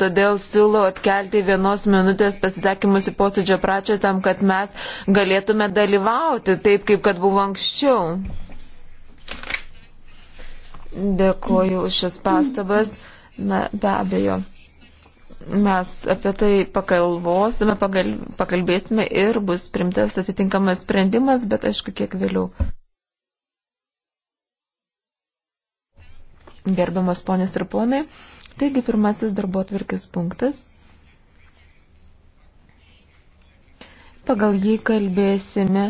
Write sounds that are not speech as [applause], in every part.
Todėl siūlau atkelti vienos minutės pasisakymus į posėdžio pračią tam, kad mes galėtume dalyvauti taip, kaip kad buvo anksčiau. Dėkoju už šias pastabas. Na, be abejo, mes apie tai pakalvosime, pagal, pakalbėsime ir bus primtas atitinkamas sprendimas, bet aišku, kiek vėliau. Gerbiamas ponės ir ponai. Taigi pirmasis darbo atvirkis punktas. Pagal jį kalbėsime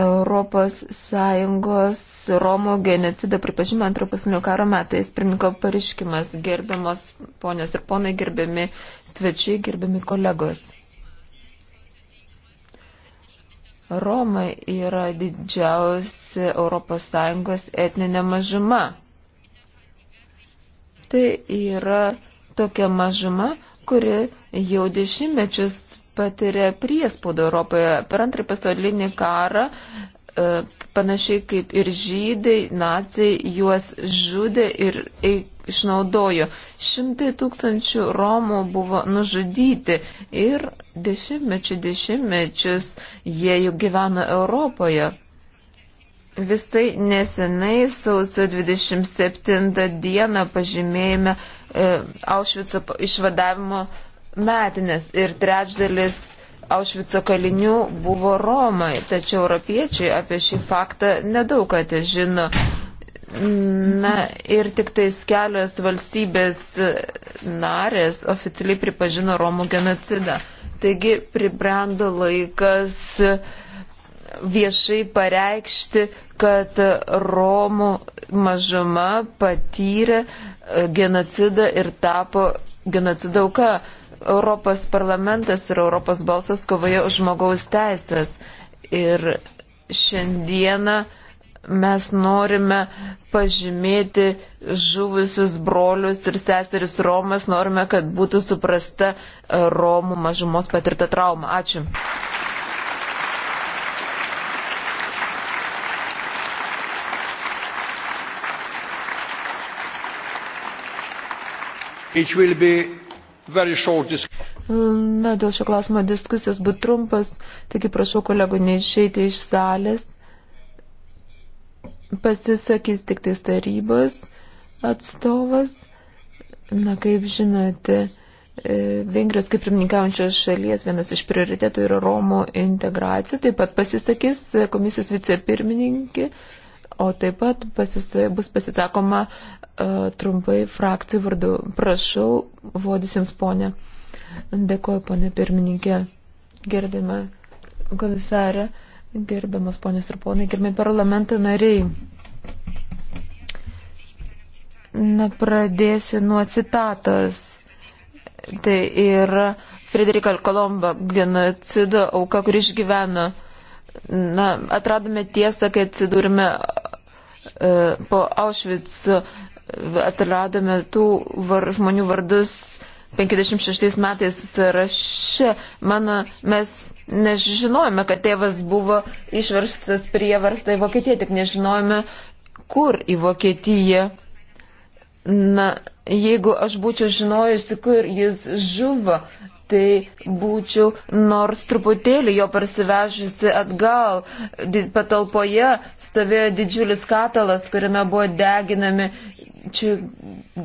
Europos Sąjungos Romų genocido pripažymą antrojo pasaulinio karo metais. Pirmininko pareiškimas gerbiamos ponios ir ponai, gerbiami svečiai, gerbiami kolegos. Romai yra didžiausia Europos Sąjungos etninė mažuma tai yra tokia mažuma, kuri jau dešimtmečius patiria priespaudą Europoje. Per antrąjį pasaulinį karą e, panašiai kaip ir žydai, nacijai juos žudė ir išnaudojo. Šimtai tūkstančių Romų buvo nužudyti ir dešimtmečių dešimtmečius jie jau gyveno Europoje. Visai nesenai sausio 27 dieną pažymėjome e, Aušvico išvadavimo metinės ir trečdalis Aušvico kalinių buvo Romai, tačiau europiečiai apie šį faktą nedaug atežino. Na ir tik tais kelios valstybės narės oficialiai pripažino Romų genocidą. Taigi pribrendo laikas viešai pareikšti kad Romų mažuma patyrė e, genocidą ir tapo genocidą auka. Europos parlamentas ir Europos balsas kovoja už žmogaus teisės. Ir šiandieną mes norime pažymėti žuvusius brolius ir seseris Romas, norime, kad būtų suprasta Romų mažumos patirta trauma. Ačiū. Na, dėl šio klausimo diskusijos būtų trumpas, taigi prašau kolegų neišeiti iš salės. Pasisakys tik tais tarybos atstovas. Na, kaip žinote, e, Vengrijos kaip pirmininkaujančios šalies vienas iš prioritetų yra Romų integracija. Taip pat pasisakys komisijos vicepirmininkė O taip pat pasisa, bus pasisakoma uh, trumpai frakcijų vardu. Prašau, vodis jums ponė. Dėkuoju, ponė pirmininkė. Gerbiama komisarė, gerbiamas ponės ir ponai, gerbiami parlamento nariai. Na, pradėsiu nuo citatos. Tai yra Frederika Kolomba genocido auka, kuri išgyveno uh, na, atradome tiesą, kai atsidūrime e, po Auschwitz, atradome tų var, žmonių vardus 56 metais sąraše. Mano, mes nežinojome, kad tėvas buvo išverstas prievarstą į Vokietiją, tik nežinojome, kur į Vokietiją. Na, jeigu aš būčiau žinojusi, kur jis žuvo, tai būčiau nors truputėlį jo parsivežusi atgal. Patalpoje stovėjo didžiulis katalas, kuriame buvo deginami čia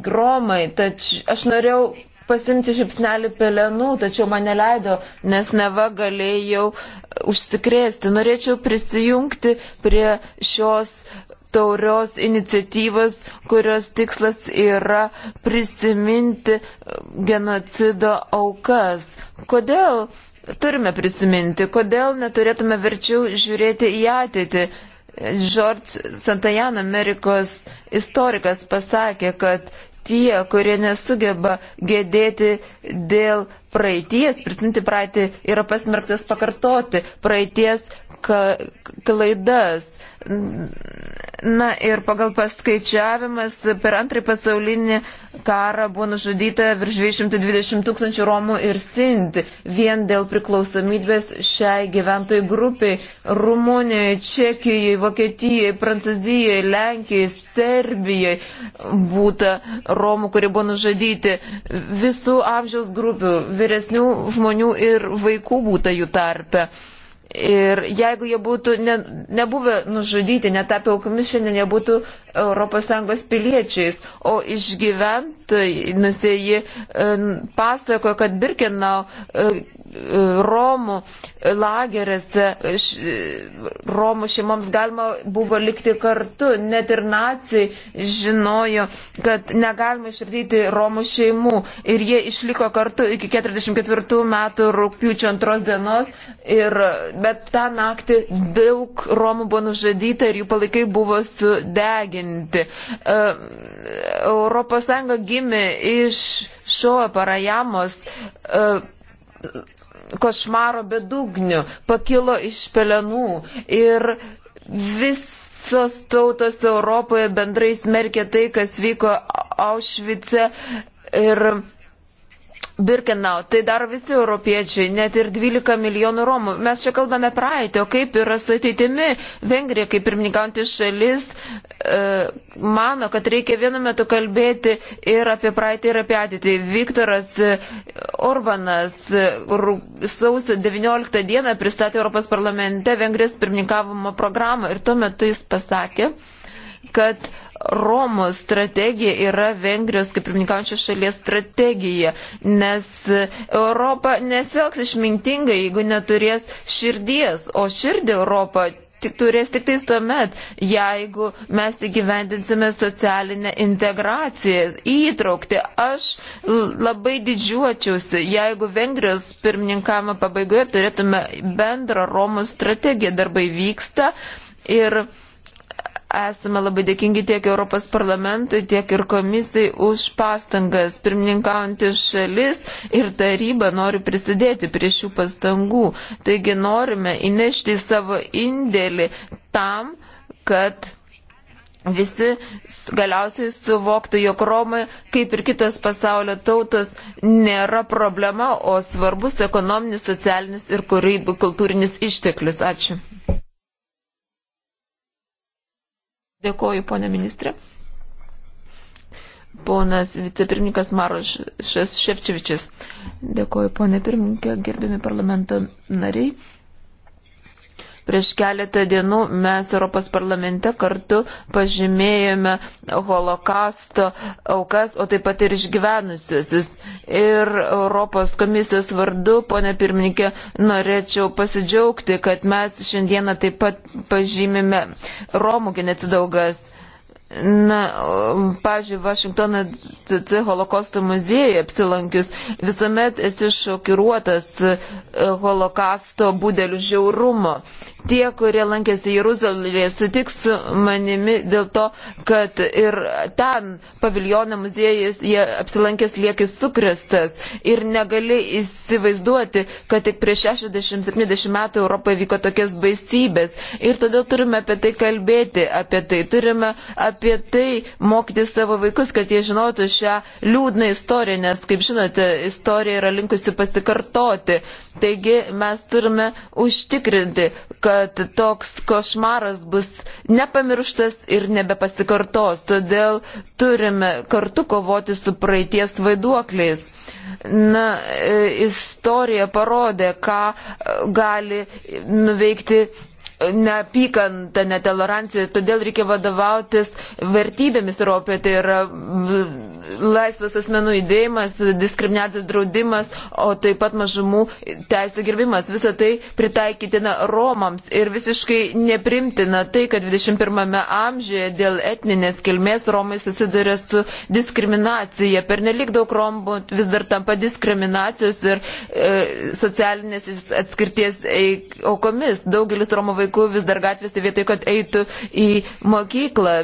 gromai. Tač, aš norėjau pasimti žipsnelį pelenų, tačiau mane leido, nes neva galėjau užsikrėsti. Norėčiau prisijungti prie šios taurios iniciatyvos, kurios tikslas yra prisiminti genocido aukas. Kodėl turime prisiminti, kodėl neturėtume verčiau žiūrėti į ateitį? George Santajan, Amerikos istorikas, pasakė, kad tie, kurie nesugeba gėdėti dėl praeities, prisiminti praeitį, yra pasmerktas pakartoti praeities klaidas. Ka Na ir pagal paskaičiavimas per antrąjį pasaulinį karą buvo nužudyta virš 220 tūkstančių Romų ir Sinti vien dėl priklausomybės šiai gyventojų grupiai. Rumunijoje, Čekijoje, Vokietijoje, Prancūzijoje, Lenkijoje, Serbijoje būta Romų, kurie buvo nužudyti. Visų amžiaus grupių, vyresnių žmonių ir vaikų būta jų tarpe. Ir jeigu jie būtų ne, nebuvę nužudyti, netapę aukomis, šiandien jie būtų ES piliečiais. O išgyventojai, nusėjai, e, pasakojo, kad Birkenau e, Romų lageriuose Romų šeimoms galima buvo likti kartu, net ir nacijai žinojo, kad negalima išardyti Romų šeimų ir jie išliko kartu iki 44 metų rūpiučio antros dienos, ir, bet tą naktį daug Romų buvo nužudyta ir jų palaikai buvo sudeginti. ES gimė iš šio parajamos. Uh, košmaro bedugnių, pakilo iš pelenų ir visos tautos Europoje bendrai smerkė tai, kas vyko Aušvice ir Birkenau, tai dar visi europiečiai, net ir 12 milijonų romų. Mes čia kalbame praeitį, o kaip yra su ateitimi. Vengrija, kaip pirmininkaujantis šalis, e, mano, kad reikia vienu metu kalbėti ir apie praeitį, ir apie ateitį. Viktoras e, Orbanas e, sausio 19 dieną pristatė Europos parlamente Vengrijos pirmininkavimo programą ir tuo metu jis pasakė, kad Romos strategija yra Vengrijos kaip pirmininkaujančios šalies strategija, nes Europa nesielgs išmintingai, jeigu neturės širdies, o širdį Europą tik turės tik tais tuomet, jeigu mes įgyvendinsime socialinę integraciją, įtraukti. Aš labai didžiuočiausi, jeigu Vengrijos pirmininkavimo pabaigoje turėtume bendrą Romos strategiją. Darbai vyksta ir Esame labai dėkingi tiek Europos parlamentui, tiek ir komisijai už pastangas. Pirmininkaujantis šalis ir taryba nori prisidėti prie šių pastangų. Taigi norime įnešti savo indėlį tam, kad visi galiausiai suvoktų, jog Romai, kaip ir kitos pasaulio tautos, nėra problema, o svarbus ekonominis, socialinis ir kultūrinis išteklius. Ačiū. Dėkoju, ponė ministrė. Ponas vicepirmininkas Marošas Šepčevičius. Dėkoju, ponė pirmininkė, gerbiami parlamento nariai. Prieš keletą dienų mes Europos parlamente kartu pažymėjome holokausto aukas, o taip pat ir išgyvenusiuosius. Ir Europos komisijos vardu, ponė pirmininkė, norėčiau pasidžiaugti, kad mes šiandieną taip pat pažymime Romų genocido aukas. Na, pavyzdžiui, Vašingtono CC holokausto muziejai apsilankius, visuomet esi šokiruotas e, holokausto būdelių žiaurumo. Tie, kurie lankėsi Jeruzalėje, sutiks su manimi dėl to, kad ir ten paviljono muziejais jie apsilankęs liekis sukrestas ir negali įsivaizduoti, kad tik prieš 60-70 metų Europoje vyko tokias baisybės. Ir todėl turime apie tai kalbėti, apie tai turime apie apie tai mokyti savo vaikus, kad jie žinotų šią liūdną istoriją, nes, kaip žinote, istorija yra linkusi pasikartoti. Taigi mes turime užtikrinti, kad toks košmaras bus nepamirštas ir nebepasikartos. Todėl turime kartu kovoti su praeities vaiduokliais. Na, e, istorija parodė, ką gali nuveikti neapykanta, netolerancija, todėl reikia vadovautis vertybėmis Europoje, tai yra laisvas asmenų judėjimas, diskriminacijos draudimas, o taip pat mažumų teisų gerbimas. Visą tai pritaikytina Romams ir visiškai neprimtina tai, kad 21 amžiuje dėl etninės kilmės Romai susiduria su diskriminacija. Per nelik daug Romų vis dar tampa diskriminacijos ir e, socialinės atskirties aukomis. Daugelis Romų vaikų vis dar gatvėse vietoj, kad eitų į mokyklą.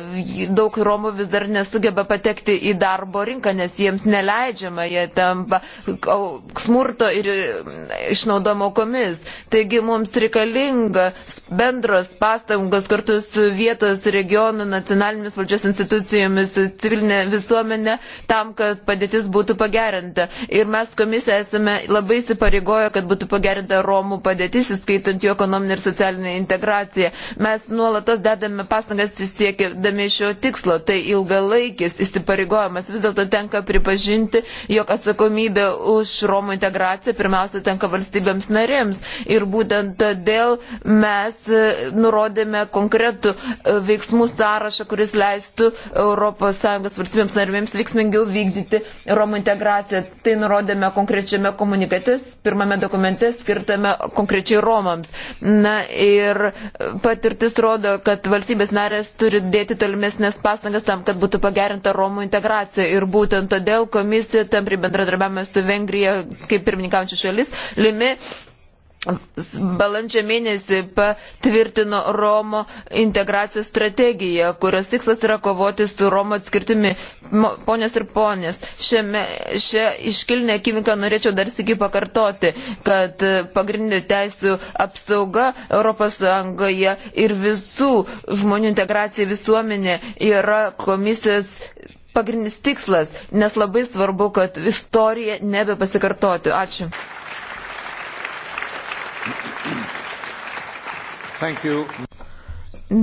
Daug Romų vis dar nesugeba patekti į darbą darbo rinką, nes jiems neleidžiama, jie tampa smurto ir e, išnaudojimo komis. Taigi mums reikalinga bendros pastangos kartu su vietos regionų nacionalinėmis valdžios institucijomis, civilinė visuomenė, tam, kad padėtis būtų pagerinta. Ir mes komisija esame labai įsipareigoję, kad būtų pagerinta Romų padėtis, įskaitant jų ekonominę ir socialinę integraciją. Mes nuolatos dedame pastangas siekėdami šio tikslo. Tai ilgalaikis įsipareigojimas vis dėlto tenka pripažinti, jog atsakomybė už Romų integraciją pirmiausia tenka valstybėms narėms. Ir būtent todėl mes e, nurodėme konkretų e, veiksmų sąrašą, kuris leistų ES valstybėms narėms veiksmingiau vykdyti Romų integraciją. Tai nurodėme konkrečiame komunikate, pirmame dokumente skirtame konkrečiai Romams. Na ir e, patirtis rodo, kad valstybės narės turi dėti tolimesnės pastangas tam, kad būtų pagerinta Romų integracija. Ir būtent todėl komisija tam pribendradarbiavame su Vengrija, kaip pirmininkaujančia šalis, limi balandžio mėnesį patvirtino Romo integracijos strategiją, kurios tikslas yra kovoti su Romo atskirtimi. Ponės ir ponės, šiame, šią iškilnę akimirką norėčiau dar sėki pakartoti, kad pagrindinių teisų apsauga ES ir visų žmonių integracija visuomenė yra komisijos pagrindinis tikslas, nes labai svarbu, kad istorija nebepasikartotų. Ačiū.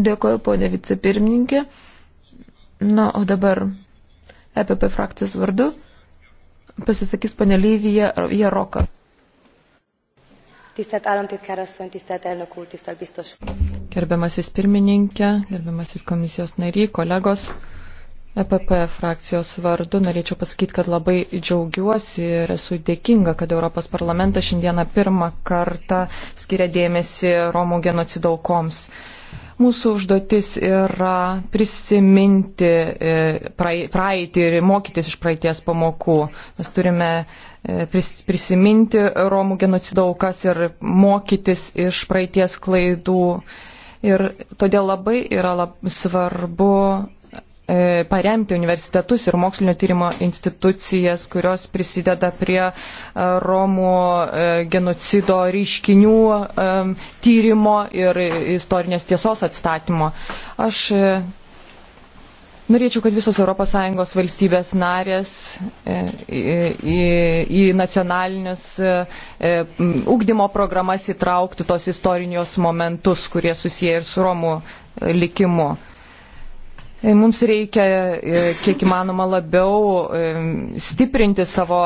Dėkoju, ponė vicepirmininkė. Na, o dabar EPP frakcijos vardu pasisakys ponė Lyvija Jaroka. Tisztelt államtitkár asszony, tisztelt elnök úr, tisztelt biztos. Gerbiamasis pirmininkė, gerbiamasis komisijos nariai, kolegos. EPP frakcijos vardu norėčiau pasakyti, kad labai džiaugiuosi ir esu dėkinga, kad Europos parlamentas šiandieną pirmą kartą skiria dėmesį Romų genocido aukoms. Mūsų užduotis yra prisiminti e, praeitį ir mokytis iš praeities pamokų. Mes turime e, prisiminti Romų genocido aukas ir mokytis iš praeities klaidų. Ir todėl labai yra lab, svarbu E, paremti universitetus ir mokslinio tyrimo institucijas, kurios prisideda prie e, Romų e, genocido ryškinių tyrimo ir istorinės tiesos atstatymo. Aš Norėčiau, kad visos ES valstybės narės į, į, į nacionalinės ugdymo programas įtrauktų tos istorinius momentus, kurie susiję ir su Romų likimu. E, mums reikia e, kiek įmanoma labiau e, stiprinti savo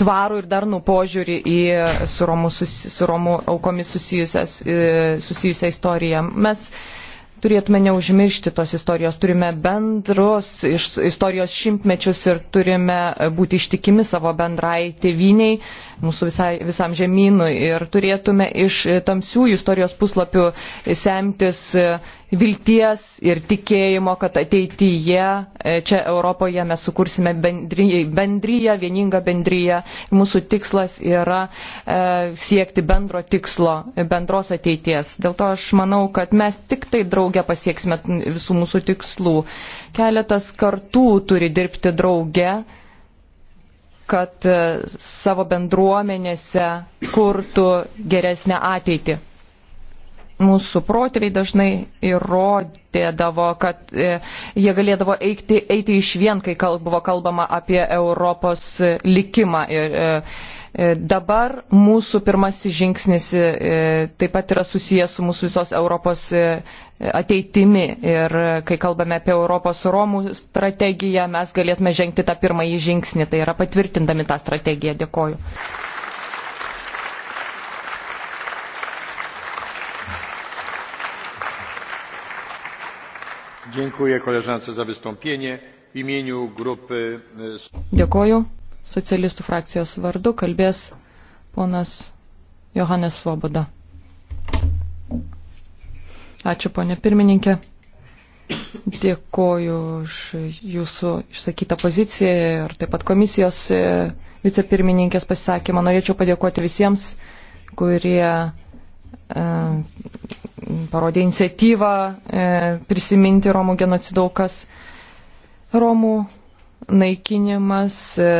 tvarų ir darnų požiūrį į su Romų, susi, su Romų aukomis susijusią istoriją. Mes turėtume neužmiršti tos istorijos, turime bendros istorijos šimtmečius ir turime būti ištikimi savo bendrai tėviniai, mūsų visai, visam žemynui ir turėtume iš tamsiųjų istorijos puslapių semtis vilties ir tikėjimo, kad ateityje e, čia Europoje mes sukursime bendryje, bendryje vieningą bendryje. Mūsų tikslas yra e, siekti bendro tikslo, bendros ateities. Dėl to aš manau, kad mes tik tai draugę pasieksime visų mūsų tikslų. Keletas kartų turi dirbti drauge kad e, savo bendruomenėse kurtų geresnę ateitį mūsų protėviai dažnai įrodėdavo, kad e, jie galėdavo eiti, eiti iš vien, kai kal, buvo kalbama apie Europos likimą. Ir, e, e, Dabar mūsų pirmasis žingsnis taip pat yra susijęs su mūsų visos Europos ateitimi ir kai kalbame apie Europos Romų strategiją, mes galėtume žengti tą pirmąjį žingsnį, tai yra patvirtindami tą strategiją. Dėkoju. Dziękuję koleżance za wystąpienie. W imieniu grupy. E, Dėkoju. Socialistų frakcijos vardu kalbės ponas Johannes Svoboda. Ačiū, ponė pirmininkė. Dėkoju už jūsų išsakytą poziciją ir taip pat komisijos e, vicepirmininkės pasisakymą. Norėčiau padėkoti visiems, kurie e, parodė iniciatyvą e, prisiminti Romų genocido aukas. Romų naikinimas, e,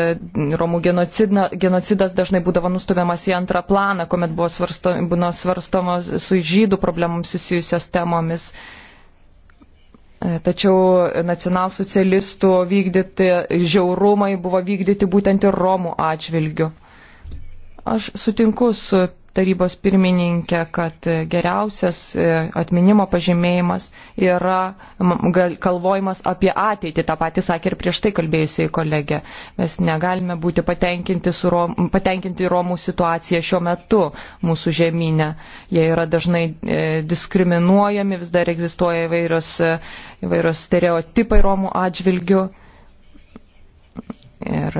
Romų genocidna, genocidas dažnai būdavo nustumiamas į antrą planą, kuomet buvo svarsto, svarstamos su žydų problemams susijusios temomis. E, tačiau nacionalsocialistų vykdyti žiaurumai buvo vykdyti būtent ir Romų atžvilgiu. Aš sutinku su tarybos pirmininkė, kad geriausias e, atminimo pažymėjimas yra kalvojimas apie ateitį. Ta pati sakė ir prieš tai kalbėjusiai kolegė. Mes negalime būti patenkinti, rom, patenkinti Romų situaciją šiuo metu mūsų žemynė. Jie yra dažnai e, diskriminuojami, vis dar egzistuoja įvairios, e, įvairios stereotipai Romų atžvilgių. Ir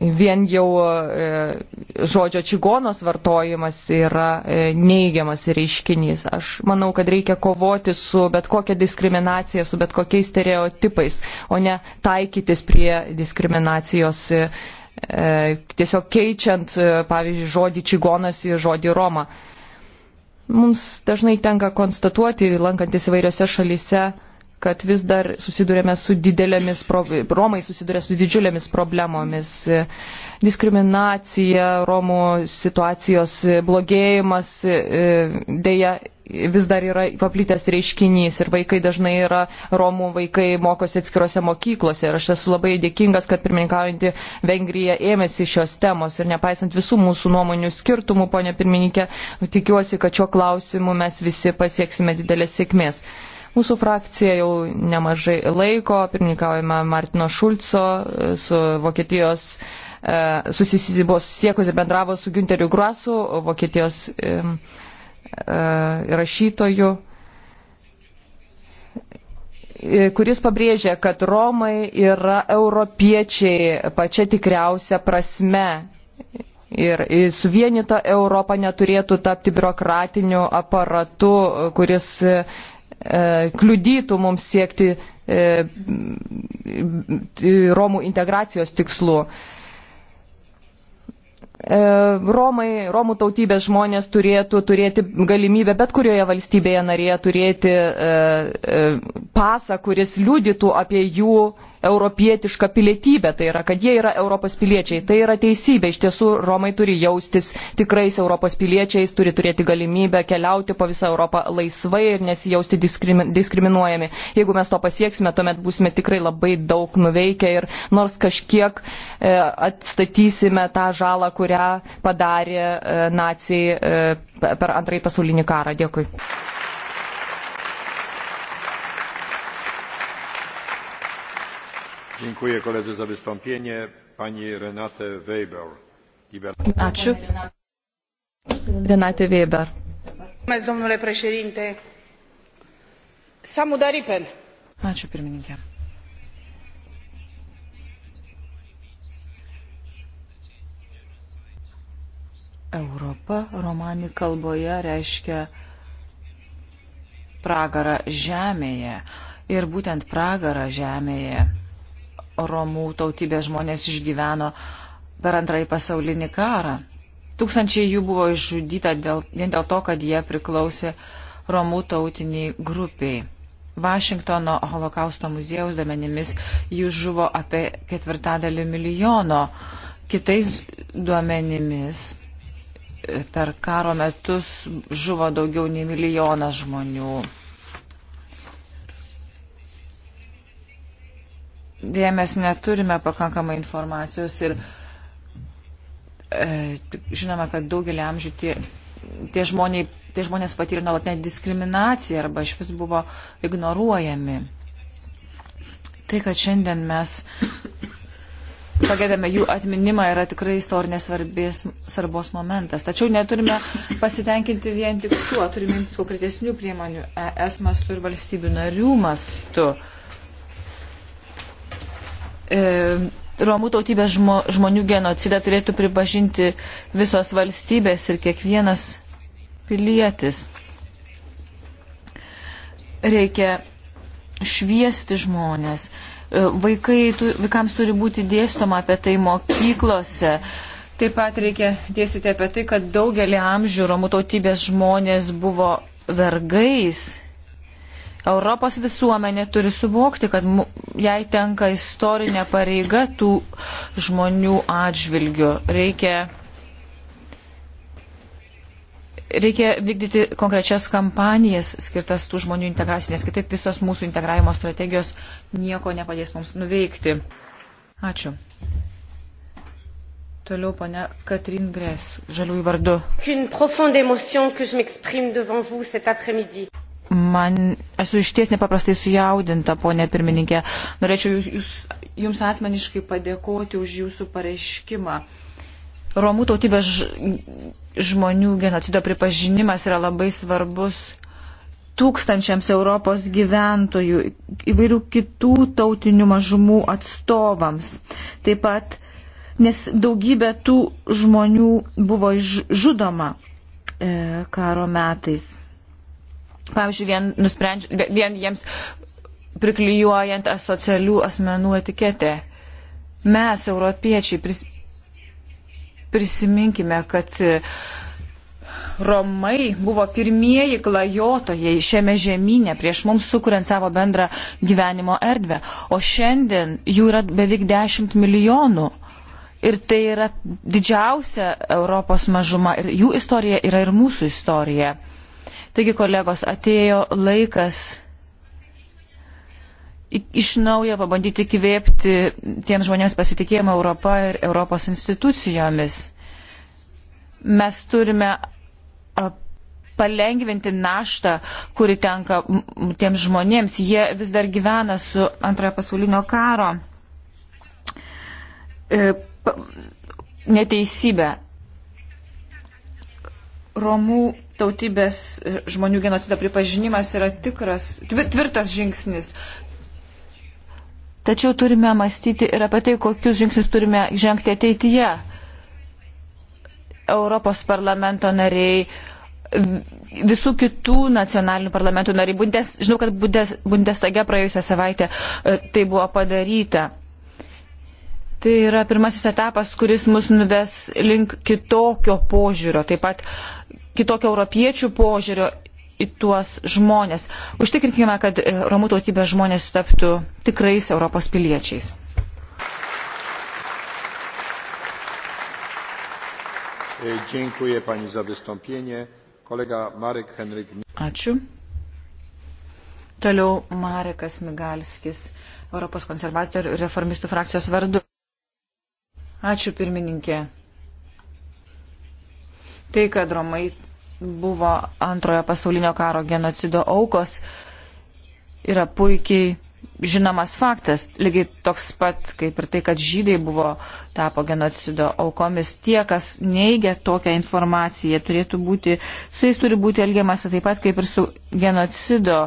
vien jau e, žodžio čigonos vartojimas yra e, neigiamas reiškinys. Aš manau, kad reikia kovoti su bet kokia diskriminacija, su bet kokiais stereotipais, o ne taikytis prie diskriminacijos. E, tiesiog keičiant, pavyzdžiui, žodį čigonas į žodį Roma. Mums dažnai tenka konstatuoti, lankantis įvairiose šalyse, kad vis dar susidurėme su didelėmis, Romai susiduria su didžiulėmis problemomis. Diskriminacija, Romų situacijos blogėjimas e, dėja vis dar yra paplitęs reiškinys ir vaikai dažnai yra, Romų vaikai mokosi atskirose mokyklose ir aš esu labai dėkingas, kad pirmininkaujanti Vengrija ėmėsi šios temos ir nepaisant visų mūsų nuomonių skirtumų, ponė pirmininkė, tikiuosi, kad šio klausimu mes visi pasieksime didelės sėkmės. Mūsų frakcija jau nemažai laiko, pirmininkaujama Martino Šulco e, su Vokietijos e, susisisi, buvo susiekusi, bendravo su Günteriu Grasu, Vokietijos e, rašytoju kuris pabrėžia, kad Romai yra europiečiai pačia tikriausia prasme. Ir suvienyta Europa neturėtų tapti biurokratiniu aparatu, kuris E, kliudytų mums siekti e, Romų integracijos tikslų. E, Romai, Romų tautybės žmonės turėtų turėti galimybę bet kurioje valstybėje narėje turėti pasą, kuris liudytų apie jų europietišką pilietybę, tai yra, kad jie yra Europos piliečiai. Tai yra teisybė, iš tiesų Romai turi jaustis tikrais Europos piliečiais, turi turėti galimybę keliauti po visą Europą laisvai ir nesijausti diskrimi diskriminuojami. Jeigu mes to pasieksime, tuomet būsime tikrai labai daug nuveikę ir nors kažkiek e, atstatysime tą žalą, kurią padarė e, nacijai e, per antrąjį pasaulinį karą. Dėkui. Dėkuoju koledze za vystampėnį, pani Renate Weber. Ačiū. Renate Weber. Mes, domnule prešerinte, Samu Daripen. Ačiū pirmininkė. Europa romani kalboje reiškia pragarą žemėje. Ir būtent pragarą žemėje Romų tautybės žmonės išgyveno per antrąjį pasaulinį karą. Tūkstančiai jų buvo išžudyta dėl, vien dėl to, kad jie priklausė Romų tautiniai grupiai. Vašingtono holokausto muziejaus duomenimis jų žuvo apie ketvirtadalį milijono. Kitais duomenimis e, per karo metus žuvo daugiau nei milijonas žmonių. dėmes neturime pakankamai informacijos ir e, žinoma, kad daugelį amžių tie, tie, žmonė, tie žmonės patyrė nuolatinę diskriminaciją arba iš vis buvo ignoruojami. Tai, kad šiandien mes pagėdame jų atminimą yra tikrai istorinės svarbės, svarbos momentas. Tačiau neturime pasitenkinti vien tik tuo, turime imtis konkretesnių priemonių ES mastu ir valstybių narių mastu. Uh, E, romų tautybės žmo, žmonių genocidą turėtų pripažinti visos valstybės ir kiekvienas pilietis. Reikia šviesti žmonės. E, vaikai, tu, vaikams turi būti dėstoma apie tai mokyklose. Taip pat reikia dėstyti apie tai, kad daugelį amžių romų tautybės žmonės buvo vergais Europos visuomenė turi suvokti, kad jai tenka istorinė pareiga tų žmonių atžvilgių. Reikia, reikia vykdyti konkrečias kampanijas skirtas tų žmonių integracinės, kitaip visos mūsų integravimo strategijos nieko nepadės mums nuveikti. Ačiū. Toliau ponia Katrin Gres, žaliųjų vardu. Man esu iš ties nepaprastai sujaudinta, ponė pirmininkė. Norėčiau jūs, jūs, jums asmeniškai padėkoti už jūsų pareiškimą. Romų tautybės žmonių genocido pripažinimas yra labai svarbus tūkstančiams Europos gyventojų, įvairių kitų tautinių mažumų atstovams. Taip pat, nes daugybė tų žmonių buvo žudoma e, karo metais. Pavyzdžiui, vien, nusprendž... vien jiems priklyjuojant asocialių asmenų etiketę. Mes, europiečiai, pris... prisiminkime, kad Romai buvo pirmieji klajotojai šiame žemynė prieš mums sukuriant savo bendrą gyvenimo erdvę, o šiandien jų yra beveik 10 milijonų. Ir tai yra didžiausia Europos mažuma ir jų istorija yra ir mūsų istorija. Taigi, kolegos, atėjo laikas iš naujo pabandyti kvėpti tiems žmonėms pasitikėjimą Europą ir Europos institucijomis. Mes turime palengvinti naštą, kuri tenka tiems žmonėms. Jie vis dar gyvena su antrojo pasaulinio karo e, neteisybė. Romų tautybės e, žmonių genocido pripažinimas yra tikras, tvirtas žingsnis. Tačiau turime mąstyti ir apie tai, kokius žingsnius turime žengti ateityje. Europos parlamento nariai, visų kitų nacionalinių parlamentų nariai. Bundes, žinau, kad Bundes, Bundestage praėjusią savaitę e, tai buvo padaryta. Tai yra pirmasis etapas, kuris mus nuves link kitokio požiūrio, taip pat kitokio europiečių požiūrio į tuos žmonės. Užtikrinkime, kad e, romų tautybės žmonės taptų tikrais Europos piliečiais. E, dziękuję Pani za wystąpienie. Kolega Marek Henryk. Ačiū. Toliau Marekas Migalskis, Europos konservatorių reformistų frakcijos vardu. Ačiū pirmininkė tai, kad Romai buvo antrojo pasaulinio karo genocido aukos, yra puikiai žinomas faktas. Lygiai toks pat, kaip ir tai, kad žydai buvo tapo genocido aukomis. Tie, kas neigia tokią informaciją, turėtų būti, su jais turi būti elgiamasi taip pat, kaip ir su genocido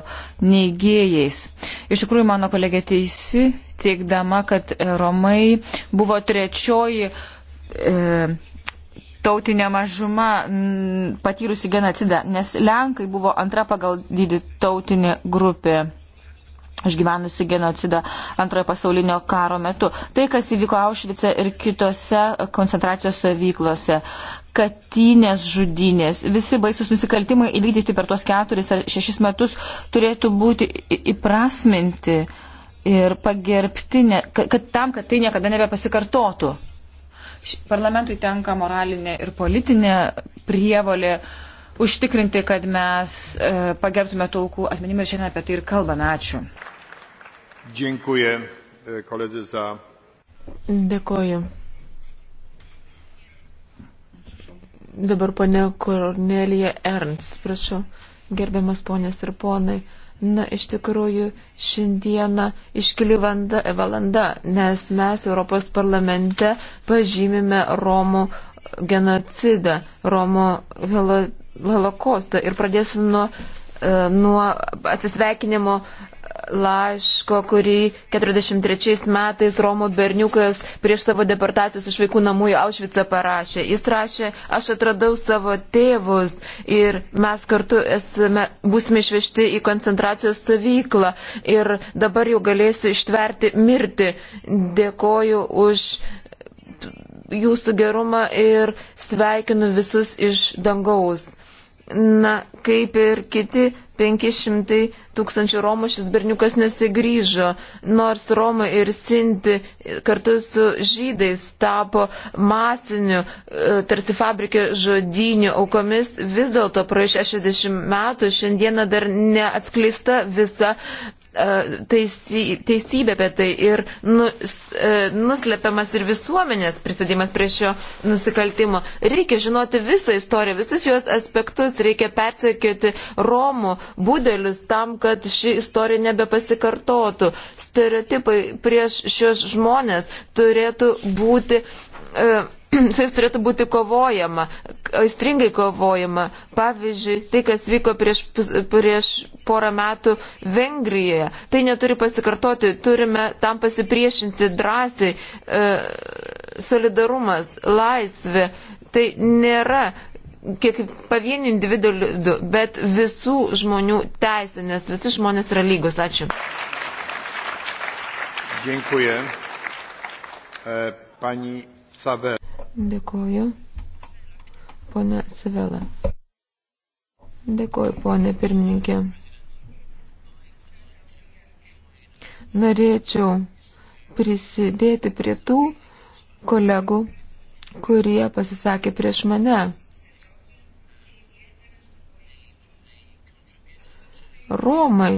neigėjais. Iš tikrųjų, mano kolegė teisi, teikdama, kad Romai buvo trečioji. E, tautinė mažuma patyrusi genocidą, nes Lenkai buvo antra pagal dydį tautinė grupė išgyvenusi genocidą antrojo pasaulinio karo metu. Tai, kas įvyko Aušvice ir kitose koncentracijos stovyklose, katinės žudynės, visi baisus nusikaltimai įvykdyti per tuos keturis ar šešis metus turėtų būti įprasminti ir pagerbti, ne, kad, kad tam, kad tai niekada nebepasikartotų. Parlamentui tenka moralinė ir politinė prievolė užtikrinti, kad mes e, pagerbtume taukų atminimą ir šiandien apie tai ir kalbame. Ačiū. Dziękuję e, koledzy za. Dėkoju. Dabar ponia Kornelija Ernst, prašau, gerbiamas ponės ir ponai. Na, iš tikrųjų, šiandieną iškili vanda, valanda, nes mes Europos parlamente pažymime Romų genocidą, Romų holokostą. Ir pradėsiu nuo, e, nuo atsisveikinimo laiško, kurį 43 metais Romų berniukas prieš savo deportacijos iš vaikų namų į Aušvicą parašė. Jis rašė, aš atradau savo tėvus ir mes kartu esame, būsime išvežti į koncentracijos stovyklą ir dabar jau galėsiu ištverti mirti. Dėkoju už jūsų gerumą ir sveikinu visus iš dangaus. Na, kaip ir kiti 500 tūkstančių Romų šis berniukas nesigryžo, nors Romai ir Sinti kartu su žydais tapo masiniu, e, tarsi fabrikė žodinių aukomis, vis dėlto praeis 60 metų šiandieną dar neatskleista visa E, teisy, teisybė apie tai ir nus, e, nuslepiamas ir visuomenės prisidėjimas prie šio nusikaltimo. Reikia žinoti visą istoriją, visus juos aspektus, reikia persekioti Romų būdelius tam, kad ši istorija nebepasikartotų. Stereotipai prieš šios žmonės turėtų būti. Uh, [clears throat] su jais turėtų būti kovojama, aistringai kovojama. Pavyzdžiui, tai, kas vyko prieš, prieš porą metų Vengrijoje, tai neturi pasikartoti, turime tam pasipriešinti drąsiai. E, solidarumas, laisvė, tai nėra kiek pavienių individualių, bet visų žmonių teisė, nes visi žmonės yra lygus. Ačiū. Dziękuję. E, pani Saver. Dėkoju. Pone Sivela. Dėkoju, ponė pirmininkė. Norėčiau prisidėti prie tų kolegų, kurie pasisakė prieš mane. Romai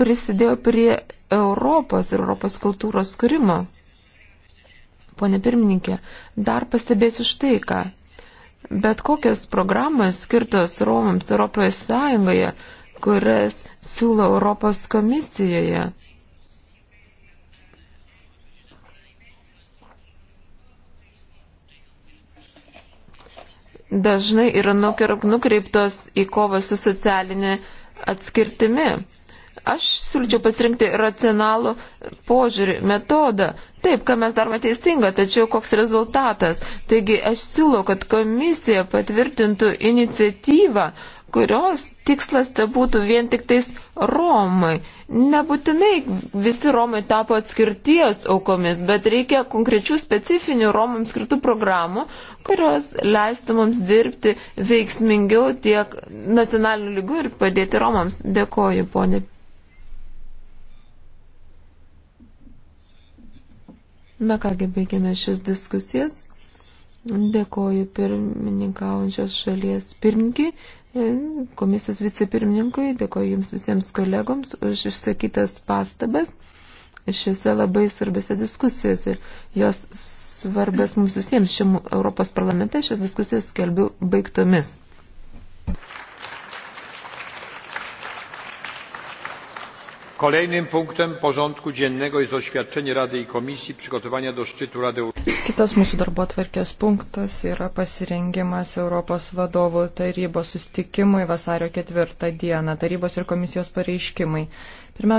prisidėjo prie Europos ir Europos kultūros skūrimo ponė pirmininkė, dar pastebėsiu štai ką. Bet kokias programas skirtos Romams Europoje Sąjungoje, kurias siūlo Europos komisijoje. Dažnai yra nukreiptos į kovą su socialinė atskirtimi. Aš siūlyčiau pasirinkti racionalų požiūrį, metodą, Taip, ką mes darome teisinga, tačiau koks rezultatas. Taigi aš siūlau, kad komisija patvirtintų iniciatyvą, kurios tikslas tai būtų vien tik tais Romai. Nebūtinai visi Romai tapo atskirties aukomis, bet reikia konkrečių specifinių Romams skirtų programų, kurios leistų mums dirbti veiksmingiau tiek nacionaliniu lygiu ir padėti Romams. Dėkoju, ponė Na kągi, baigėme šias diskusijas. Dėkoju pirmininkaujančios šalies pirmininkiai, e, komisijos vicepirmininkui, dėkoju jums visiems kolegoms už išsakytas pastabas šiuose labai svarbiose diskusijose. Jos svarbės mums visiems šiam Europos parlamente šias diskusijas skelbiu baigtomis. Kolejnym punktem porządku dziennego jest oświadczenie Rady i Komisji przygotowania do szczytu Rady Kitas mūsų darbo atvarkės punktas yra pasirengimas Europos vadovų tarybos sustikimui vasario ketvirtą dieną, tarybos ir komisijos pareiškimai.